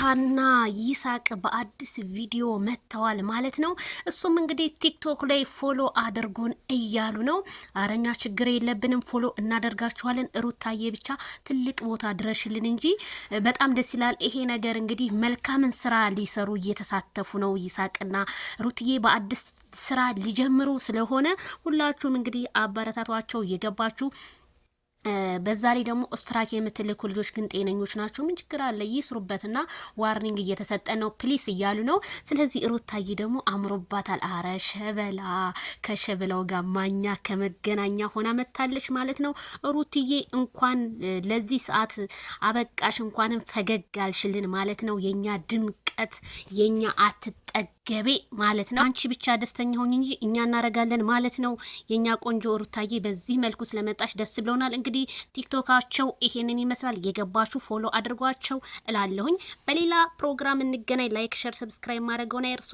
ሩታና ይሳቅ በአዲስ ቪዲዮ መጥተዋል ማለት ነው። እሱም እንግዲህ ቲክቶክ ላይ ፎሎ አድርጉን እያሉ ነው። አረኛ ችግር የለብንም ፎሎ እናደርጋችኋለን፣ ሩታዬ ብቻ ትልቅ ቦታ ድረሽልን እንጂ በጣም ደስ ይላል። ይሄ ነገር እንግዲህ መልካምን ስራ ሊሰሩ እየተሳተፉ ነው። ይሳቅና ሩትዬ በአዲስ ስራ ሊጀምሩ ስለሆነ ሁላችሁም እንግዲህ አበረታቷቸው እየገባችሁ በዛ ላይ ደግሞ ስትራክ የምትልኩ ልጆች ግን ጤነኞች ናቸው፣ ምን ችግር አለ? ይስሩበትና ዋርኒንግ እየተሰጠ ነው፣ ፕሊስ እያሉ ነው። ስለዚህ ሩታዬ ደግሞ አምሮባታል። አረ ሸበላ ከሸበላው ጋር ማኛ ከመገናኛ ሆና መታለች ማለት ነው። ሩትዬ እንኳን ለዚህ ሰዓት አበቃሽ፣ እንኳንም ፈገግ አልሽልን ማለት ነው። የእኛ ድንቅ ርቀት የኛ አትጠገቤ ማለት ነው። አንቺ ብቻ ደስተኛ ሆኝ እንጂ እኛ እናረጋለን ማለት ነው። የኛ ቆንጆ ሩታዬ በዚህ መልኩ ስለመጣሽ ደስ ብለውናል። እንግዲህ ቲክቶካቸው ይሄንን ይመስላል። የገባችሁ ፎሎ አድርጓቸው እላለሁኝ። በሌላ ፕሮግራም እንገናኝ። ላይክ፣ ሸር፣ ሰብስክራይብ ማድረገውን አይርሱ።